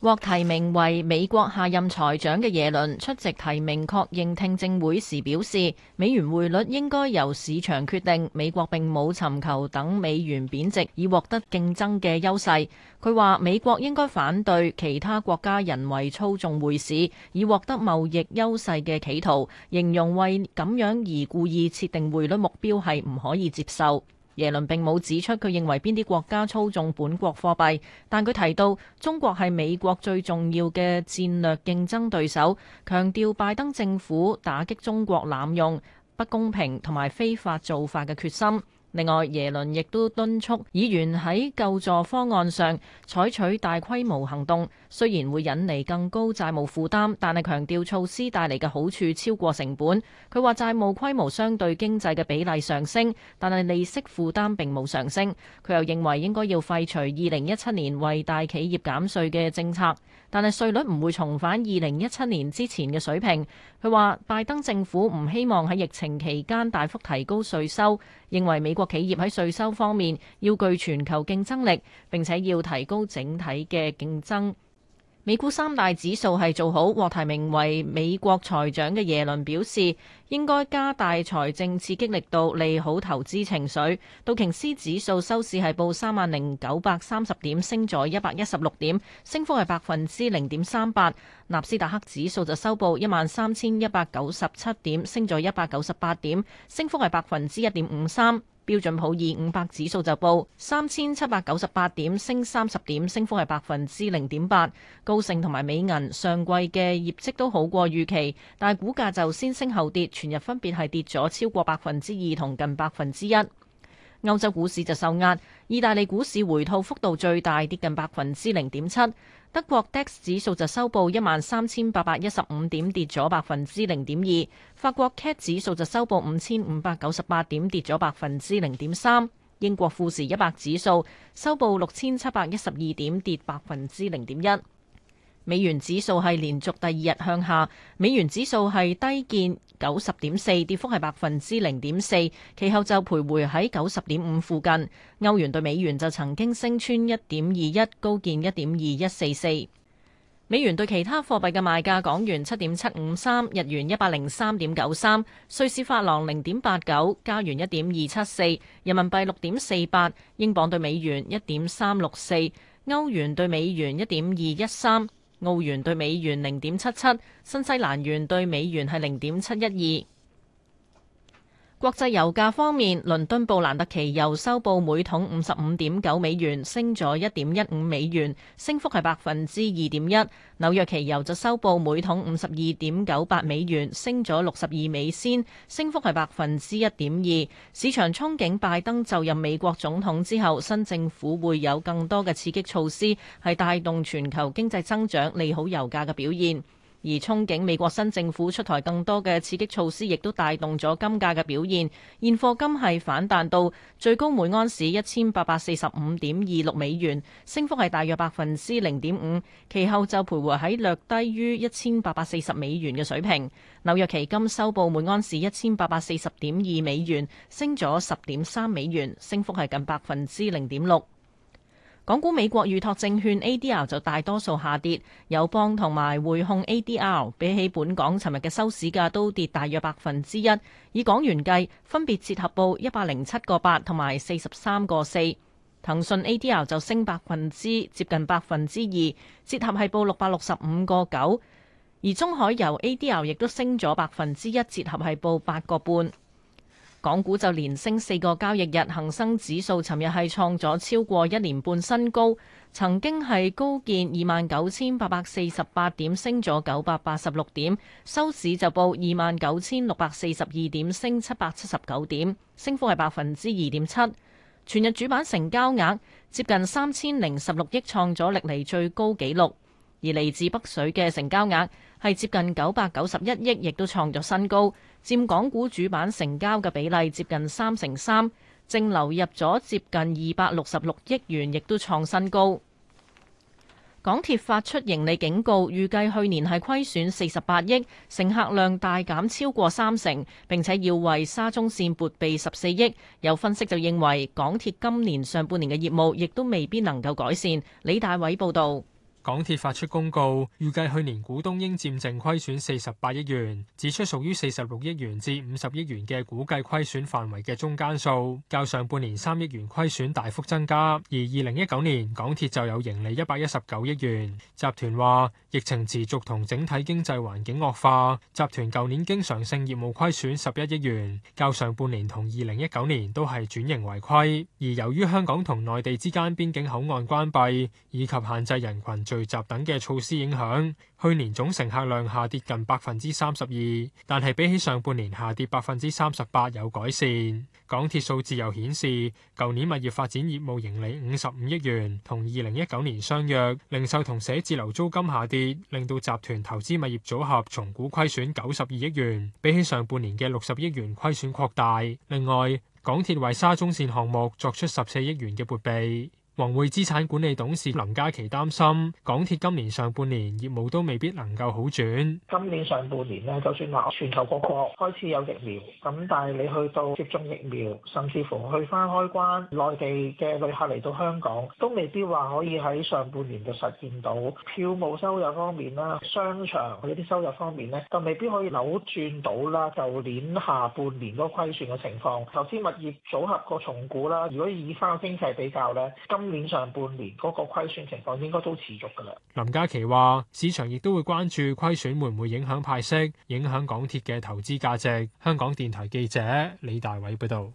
獲提名為美國下任財長嘅耶倫出席提名確認聽證會時表示，美元匯率應該由市場決定，美國並冇尋求等美元貶值以獲得競爭嘅優勢。佢話美國應該反對其他國家人為操縱匯市以獲得貿易優勢嘅企圖，形容為咁樣而故意設定匯率目標係唔可以接受。耶倫並冇指出佢認為邊啲國家操縱本國貨幣，但佢提到中國係美國最重要嘅戰略競爭對手，強調拜登政府打擊中國濫用、不公平同埋非法做法嘅決心。另外，耶倫亦都敦促議員喺救助方案上採取大規模行動，雖然會引嚟更高債務負擔，但係強調措施帶嚟嘅好處超過成本。佢話債務規模相對經濟嘅比例上升，但係利息負擔並冇上升。佢又認為應該要廢除二零一七年為大企業減稅嘅政策，但係稅率唔會重返二零一七年之前嘅水平。佢話拜登政府唔希望喺疫情期間大幅提高稅收。認為美國企業喺稅收方面要具全球競爭力，並且要提高整體嘅競爭。美股三大指數係做好，獲提名為美國財長嘅耶倫表示，應該加大財政刺激力度，利好投資情緒。道瓊斯指數收市係報三萬零九百三十點，升咗一百一十六點，升幅係百分之零點三八。納斯達克指數就收報一萬三千一百九十七點，升咗一百九十八點，升幅係百分之一點五三。標準普爾五百指數就報三千七百九十八點，升三十點，升幅係百分之零點八。高盛同埋美銀上季嘅業績都好過預期，但係股價就先升後跌，全日分別係跌咗超過百分之二同近百分之一。歐洲股市就受壓，意大利股市回吐幅度最大，跌近百分之零點七。德國 DAX 指數就收報一萬三千八百一十五點，跌咗百分之零點二。法國 CAC 指數就收報五千五百九十八點，跌咗百分之零點三。英國富時一百指數收報六千七百一十二點，跌百分之零點一。美元指數係連續第二日向下，美元指數係低見九十點四，跌幅係百分之零點四。其後就徘徊喺九十點五附近。歐元對美元就曾經升穿一點二一，高見一點二一四四。美元對其他貨幣嘅賣價：港元七點七五三，日元一百零三點九三，瑞士法郎零點八九，加元一點二七四，人民幣六點四八，英鎊對美元一點三六四，歐元對美元一點二一三。澳元兌美元零點七七，新西蘭元兌美元係零點七一二。國際油價方面，倫敦布蘭特期油收報每桶五十五點九美元，升咗一點一五美元，升幅係百分之二點一。紐約期油就收報每桶五十二點九八美元，升咗六十二美仙，升幅係百分之一點二。市場憧憬拜登就任美國總統之後，新政府會有更多嘅刺激措施，係帶動全球經濟增長，利好油價嘅表現。而憧憬美國新政府出台更多嘅刺激措施，亦都帶動咗金價嘅表現，現貨金係反彈到最高每盎司一千八百四十五點二六美元，升幅係大約百分之零點五。其後就徘徊喺略低於一千八百四十美元嘅水平。紐約期金收報每盎司一千八百四十點二美元，升咗十點三美元，升幅係近百分之零點六。港股美國預託證券 ADR 就大多數下跌，友邦同埋匯控 ADR 比起本港尋日嘅收市價都跌大約百分之一，以港元計分別折合報一百零七個八同埋四十三個四。騰訊 ADR 就升百分之接近百分之二，折合係報六百六十五個九。而中海油 ADR 亦都升咗百分之一，折合係報八個半。港股就連升四個交易日，恒生指數尋日係創咗超過一年半新高，曾經係高見二萬九千八百四十八點，升咗九百八十六點，收市就報二萬九千六百四十二點，升七百七十九點，升幅係百分之二點七。全日主板成交額接近三千零十六億，創咗歷嚟最高紀錄，而嚟自北水嘅成交額。係接近九百九十一億，亦都創咗新高，佔港股主板成交嘅比例接近三成三，淨流入咗接近二百六十六億元，亦都創新高。港鐵發出盈利警告，預計去年係虧損四十八億，乘客量大減超過三成，並且要為沙中線撥備十四億。有分析就認為，港鐵今年上半年嘅業務亦都未必能夠改善。李大偉報導。港鐵發出公告，預計去年股東應佔淨虧損四十八億元，指出屬於四十六億元至五十億元嘅估計虧損範圍嘅中間數，較上半年三億元虧損大幅增加。而二零一九年港鐵就有盈利一百一十九億元。集團話疫情持續同整體經濟環境惡化，集團舊年經常性業務虧損十一億元，較上半年同二零一九年都係轉盈為虧。而由於香港同內地之間邊境口岸關閉以及限制人群聚，聚集等嘅措施影響，去年總乘客量下跌近百分之三十二，但係比起上半年下跌百分之三十八有改善。港鐵數字又顯示，舊年物業發展業務盈利五十五億元，同二零一九年相約。零售同寫字樓租金下跌，令到集團投資物業組合重估虧損九十二億元，比起上半年嘅六十億元虧損擴大。另外，港鐵為沙中綫項目作出十四億元嘅撥備。宏匯資產管理董事林家琪擔心，港鐵今年上半年業務都未必能夠好轉。今年上半年咧，就算話全球各國開始有疫苗，咁但係你去到接種疫苗，甚至乎去翻開關內地嘅旅客嚟到香港，都未必話可以喺上半年就實現到票務收入方面啦，商場嗰啲收入方面咧，就未必可以扭轉到啦。舊年下半年嗰個虧損嘅情況，頭先物業組合個重估啦，如果以翻個經濟比較咧，今今年上半年嗰個虧損情況應該都持續噶啦。林嘉琪話：市場亦都會關注虧損會唔會影響派息，影響港鐵嘅投資價值。香港電台記者李大偉報導。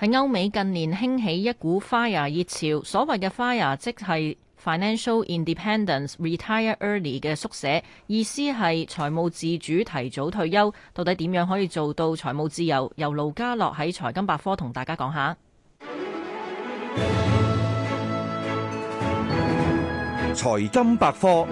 喺歐美近年興起一股 fire 熱潮，所謂嘅 fire 即係 financial independence retire early 嘅縮寫，意思係財務自主提早退休。到底點樣可以做到財務自由？由盧家樂喺財金百科同大家講下。 財金百科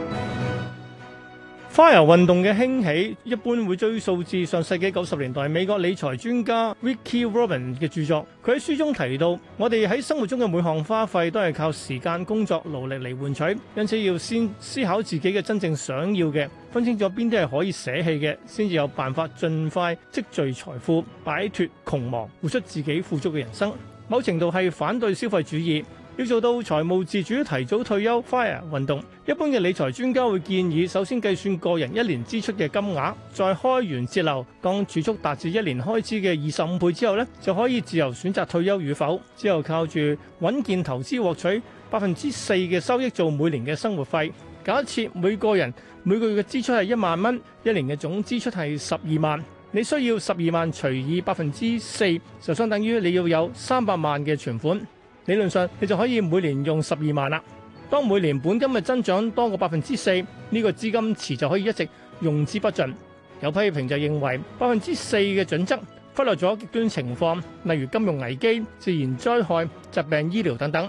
，FIRE 運動嘅興起一般會追溯至上世紀九十年代美國理財專家 Vicki Robin 嘅著作。佢喺書中提到，我哋喺生活中嘅每項花費都係靠時間、工作、勞力嚟換取，因此要先思考自己嘅真正想要嘅，分清楚邊啲係可以捨棄嘅，先至有辦法盡快積聚財富，擺脫窮忙，活出自己富足嘅人生。某程度係反對消費主義。要做到財務自主、提早退休 fire 運動，一般嘅理財專家會建議，首先計算個人一年支出嘅金額，再開源節流。當儲蓄達至一年開支嘅二十五倍之後呢，就可以自由選擇退休與否。之後靠住穩健投資獲取百分之四嘅收益做每年嘅生活費。假設每個人每個月嘅支出係一萬蚊，一年嘅總支出係十二萬，你需要十二萬除以百分之四，就相等於你要有三百萬嘅存款。理論上你就可以每年用十二萬啦。當每年本金嘅增長多過百分之四，呢個資金池就可以一直用之不盡。有批評就認為百分之四嘅準則忽略咗極端情況，例如金融危機、自然災害、疾病醫療等等。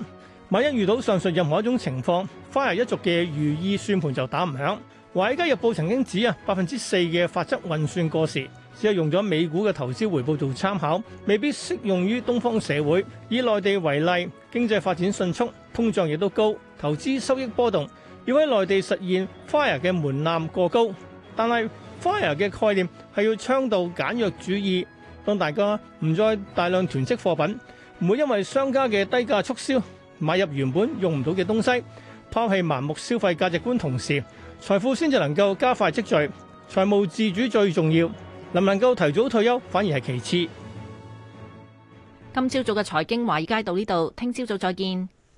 萬一遇到上述任何一種情況，花油一族嘅如意算盤就打唔響。《華爾街日報》曾經指啊，百分之四嘅法則運算過時。只係用咗美股嘅投資回報做參考，未必適用於東方社會。以內地為例，經濟發展迅速，通脹亦都高，投資收益波動，要喺內地實現 fire 嘅門檻過高。但係 fire 嘅概念係要倡導簡約主義，當大家唔再大量囤積貨品，唔會因為商家嘅低價促銷買入原本用唔到嘅東西，拋棄盲目消費價值觀，同時財富先至能夠加快積聚，財務自主最重要。能唔能夠提早退休，反而係其次。今朝早嘅財經華爾街到呢度，聽朝早再見。